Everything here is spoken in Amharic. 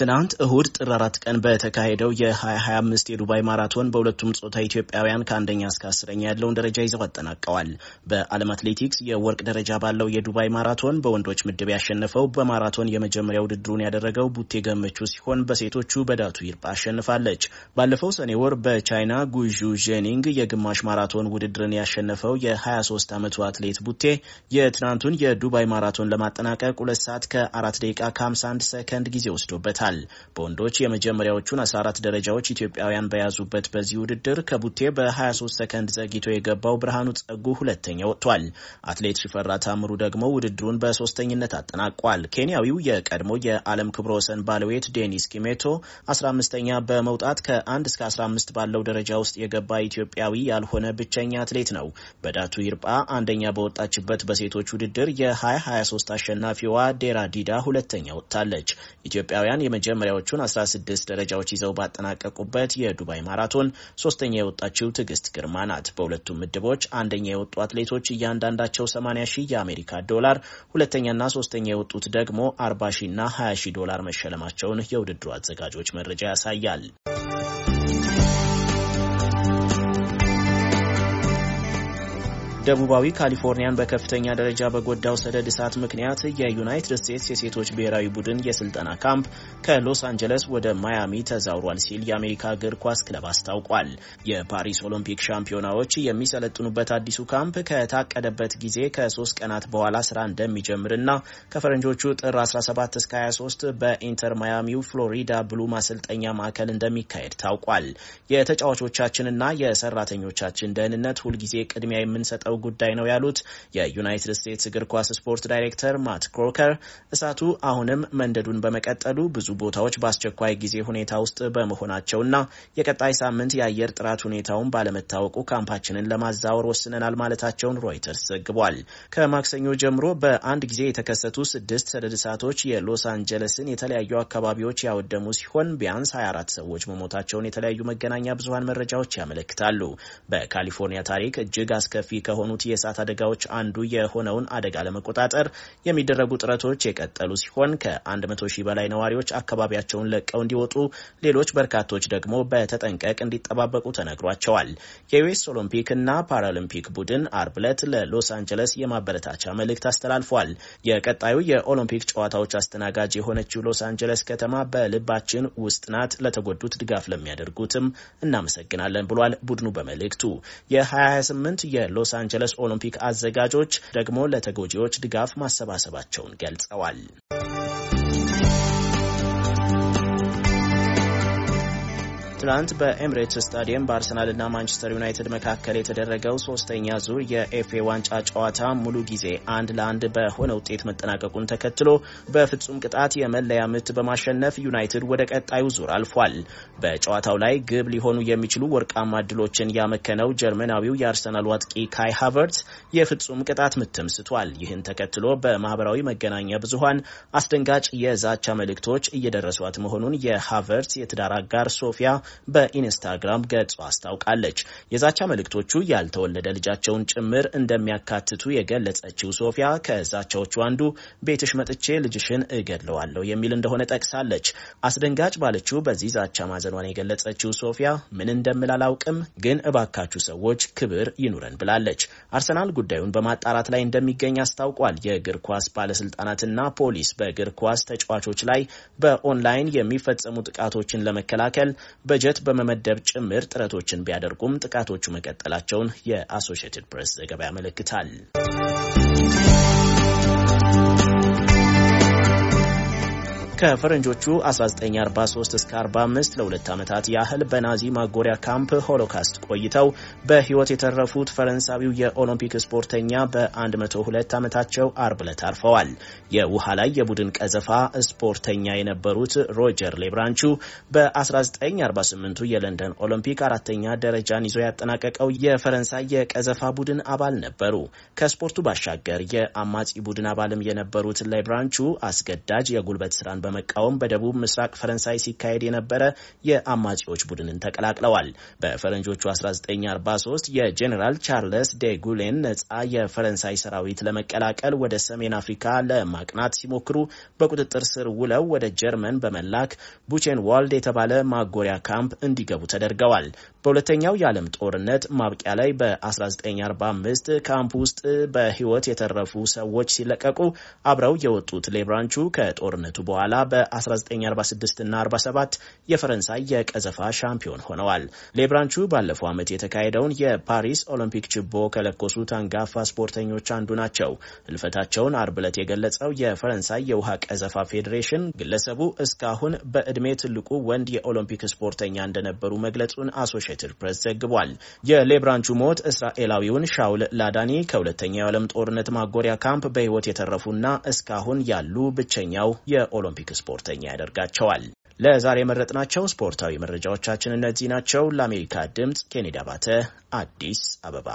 ትናንት እሁድ ጥር አራት ቀን በተካሄደው የ2025 የዱባይ ማራቶን በሁለቱም ጾታ ኢትዮጵያውያን ከአንደኛ እስከ አስረኛ ያለውን ደረጃ ይዘው አጠናቀዋል። በዓለም አትሌቲክስ የወርቅ ደረጃ ባለው የዱባይ ማራቶን በወንዶች ምድብ ያሸነፈው በማራቶን የመጀመሪያ ውድድሩን ያደረገው ቡቴ ገመቹ ሲሆን በሴቶቹ በዳቱ ይርጳ አሸንፋለች። ባለፈው ሰኔ ወር በቻይና ጉዡ ዤኒንግ የግማሽ ማራቶን ውድድርን ያሸነፈው የ23 ዓመቱ አትሌት ቡቴ የትናንቱን የዱባይ ማራቶን ለማጠናቀቅ ሁለት ሰዓት ከ4 ደቂቃ ከ51 ሰከንድ ጊዜ ወስዶበታል። ይገኙበታል። በወንዶች የመጀመሪያዎቹን 14 ደረጃዎች ኢትዮጵያውያን በያዙበት በዚህ ውድድር ከቡቴ በ23 ሰከንድ ዘግይቶ የገባው ብርሃኑ ጸጉ ሁለተኛ ወጥቷል። አትሌት ሽፈራ ታምሩ ደግሞ ውድድሩን በሶስተኝነት አጠናቋል። ኬንያዊው የቀድሞ የዓለም ክብረ ወሰን ባለቤት ዴኒስ ኪሜቶ 15ኛ በመውጣት ከ1 እስከ 15 ባለው ደረጃ ውስጥ የገባ ኢትዮጵያዊ ያልሆነ ብቸኛ አትሌት ነው። በዳቱ ይርጳ አንደኛ በወጣችበት በሴቶች ውድድር የ2023 አሸናፊዋ ዴራ ዲዳ ሁለተኛ ወጥታለች። ኢትዮጵያውያን የመጀመሪያዎቹን 16 ደረጃዎች ይዘው ባጠናቀቁበት የዱባይ ማራቶን ሶስተኛ የወጣችው ትዕግስት ግርማ ናት። በሁለቱም ምድቦች አንደኛ የወጡ አትሌቶች እያንዳንዳቸው 80 ሺህ የአሜሪካ ዶላር፣ ሁለተኛና ሶስተኛ የወጡት ደግሞ 40 ሺና 20 ሺህ ዶላር መሸለማቸውን የውድድሩ አዘጋጆች መረጃ ያሳያል። ደቡባዊ ካሊፎርኒያን በከፍተኛ ደረጃ በጎዳው ሰደድ እሳት ምክንያት የዩናይትድ ስቴትስ የሴቶች ብሔራዊ ቡድን የስልጠና ካምፕ ከሎስ አንጀለስ ወደ ማያሚ ተዛውሯል ሲል የአሜሪካ እግር ኳስ ክለብ አስታውቋል። የፓሪስ ኦሎምፒክ ሻምፒዮናዎች የሚሰለጥኑበት አዲሱ ካምፕ ከታቀደበት ጊዜ ከሶስት ቀናት በኋላ ስራ እንደሚጀምርና ከፈረንጆቹ ጥር 17 እስከ 23 በኢንተር ማያሚው ፍሎሪዳ ብሉ ማሰልጠኛ ማዕከል እንደሚካሄድ ታውቋል። የተጫዋቾቻችንና የሰራተኞቻችን ደህንነት ሁልጊዜ ቅድሚያ የምንሰጠው ጉዳይ ነው ያሉት የዩናይትድ ስቴትስ እግር ኳስ ስፖርት ዳይሬክተር ማት ክሮከር እሳቱ አሁንም መንደዱን በመቀጠሉ ብዙ ቦታዎች በአስቸኳይ ጊዜ ሁኔታ ውስጥ በመሆናቸውና የቀጣይ ሳምንት የአየር ጥራት ሁኔታውን ባለመታወቁ ካምፓችንን ለማዛወር ወስነናል ማለታቸውን ሮይተርስ ዘግቧል። ከማክሰኞ ጀምሮ በአንድ ጊዜ የተከሰቱ ስድስት ሰደድ እሳቶች የሎስ አንጀለስን የተለያዩ አካባቢዎች ያወደሙ ሲሆን ቢያንስ 24 ሰዎች መሞታቸውን የተለያዩ መገናኛ ብዙሀን መረጃዎች ያመለክታሉ። በካሊፎርኒያ ታሪክ እጅግ አስከፊ ከ ከሆኑት የእሳት አደጋዎች አንዱ የሆነውን አደጋ ለመቆጣጠር የሚደረጉ ጥረቶች የቀጠሉ ሲሆን ከ100 ሺህ በላይ ነዋሪዎች አካባቢያቸውን ለቀው እንዲወጡ፣ ሌሎች በርካቶች ደግሞ በተጠንቀቅ እንዲጠባበቁ ተነግሯቸዋል። የዩኤስ ኦሎምፒክ እና ፓራሊምፒክ ቡድን አርብ ዕለት ለሎስ አንጀለስ የማበረታቻ መልእክት አስተላልፏል። የቀጣዩ የኦሎምፒክ ጨዋታዎች አስተናጋጅ የሆነችው ሎስ አንጀለስ ከተማ በልባችን ውስጥ ናት፣ ለተጎዱት ድጋፍ ለሚያደርጉትም እናመሰግናለን ብሏል ቡድኑ በመልእክቱ የ2028 የሎስ አንጀለስ ኦሎምፒክ አዘጋጆች ደግሞ ለተጎጂዎች ድጋፍ ማሰባሰባቸውን ገልጸዋል። ትናንት በኤምሬትስ ስታዲየም በአርሰናልና ማንቸስተር ዩናይትድ መካከል የተደረገው ሶስተኛ ዙር የኤፍኤ ዋንጫ ጨዋታ ሙሉ ጊዜ አንድ ለአንድ በሆነ ውጤት መጠናቀቁን ተከትሎ በፍጹም ቅጣት የመለያ ምት በማሸነፍ ዩናይትድ ወደ ቀጣዩ ዙር አልፏል። በጨዋታው ላይ ግብ ሊሆኑ የሚችሉ ወርቃማ እድሎችን ያመከነው ጀርመናዊው የአርሰናል አጥቂ ካይ ሃቨርት የፍጹም ቅጣት ምትም ስቷል። ይህን ተከትሎ በማህበራዊ መገናኛ ብዙሀን አስደንጋጭ የዛቻ መልእክቶች እየደረሷት መሆኑን የሃቨርት የትዳር አጋር ሶፊያ በኢንስታግራም ገጹ አስታውቃለች። የዛቻ መልእክቶቹ ያልተወለደ ልጃቸውን ጭምር እንደሚያካትቱ የገለጸችው ሶፊያ ከዛቻዎቹ አንዱ ቤትሽ መጥቼ ልጅሽን እገድለዋለሁ የሚል እንደሆነ ጠቅሳለች። አስደንጋጭ ባለችው በዚህ ዛቻ ማዘኗን የገለጸችው ሶፊያ ምን እንደምል አላውቅም፣ ግን እባካችሁ ሰዎች ክብር ይኑረን ብላለች። አርሰናል ጉዳዩን በማጣራት ላይ እንደሚገኝ አስታውቋል። የእግር ኳስ ባለስልጣናትና ፖሊስ በእግር ኳስ ተጫዋቾች ላይ በኦንላይን የሚፈጸሙ ጥቃቶችን ለመከላከል በ በጀት በመመደብ ጭምር ጥረቶችን ቢያደርጉም ጥቃቶቹ መቀጠላቸውን የአሶሺየትድ ፕሬስ ዘገባ ያመለክታል። ከፈረንጆቹ 1943 እስከ 45 ለሁለት ዓመታት ያህል በናዚ ማጎሪያ ካምፕ ሆሎካስት ቆይተው በሕይወት የተረፉት ፈረንሳዊው የኦሎምፒክ ስፖርተኛ በ102 ዓመታቸው አርብ ዕለት አርፈዋል። የውሃ ላይ የቡድን ቀዘፋ ስፖርተኛ የነበሩት ሮጀር ሌብራንቹ በ1948 የለንደን ኦሎምፒክ አራተኛ ደረጃን ይዞ ያጠናቀቀው የፈረንሳይ የቀዘፋ ቡድን አባል ነበሩ። ከስፖርቱ ባሻገር የአማጺ ቡድን አባልም የነበሩት ሌብራንቹ አስገዳጅ የጉልበት ስራን በመቃወም በደቡብ ምስራቅ ፈረንሳይ ሲካሄድ የነበረ የአማጺዎች ቡድንን ተቀላቅለዋል። በፈረንጆቹ 1943 የጄኔራል ቻርለስ ዴ ጉሌን ነጻ የፈረንሳይ ሰራዊት ለመቀላቀል ወደ ሰሜን አፍሪካ ለማቅናት ሲሞክሩ በቁጥጥር ስር ውለው ወደ ጀርመን በመላክ ቡቼን ዋልድ የተባለ ማጎሪያ ካምፕ እንዲገቡ ተደርገዋል። በሁለተኛው የዓለም ጦርነት ማብቂያ ላይ በ1945 ካምፕ ውስጥ በህይወት የተረፉ ሰዎች ሲለቀቁ አብረው የወጡት ሌብራንቹ ከጦርነቱ በኋላ በ1946 እና 47 የፈረንሳይ የቀዘፋ ሻምፒዮን ሆነዋል። ሌብራንቹ ባለፈው ዓመት የተካሄደውን የፓሪስ ኦሎምፒክ ችቦ ከለኮሱት አንጋፋ ስፖርተኞች አንዱ ናቸው። ህልፈታቸውን አርብ ዕለት የገለጸው የፈረንሳይ የውሃ ቀዘፋ ፌዴሬሽን ግለሰቡ እስካሁን በዕድሜ ትልቁ ወንድ የኦሎምፒክ ስፖርተኛ እንደነበሩ መግለጹን አሶሽትድ ፕሬስ ዘግቧል። የሌብራንቹ ሞት እስራኤላዊውን ሻውል ላዳኒ ከሁለተኛው የዓለም ጦርነት ማጎሪያ ካምፕ በህይወት የተረፉና እስካሁን ያሉ ብቸኛው የኦሎምፒክ ድንቅ ስፖርተኛ ያደርጋቸዋል። ለዛሬ የመረጥናቸው ስፖርታዊ መረጃዎቻችን እነዚህ ናቸው። ለአሜሪካ ድምፅ ኬኔዲ አባተ አዲስ አበባ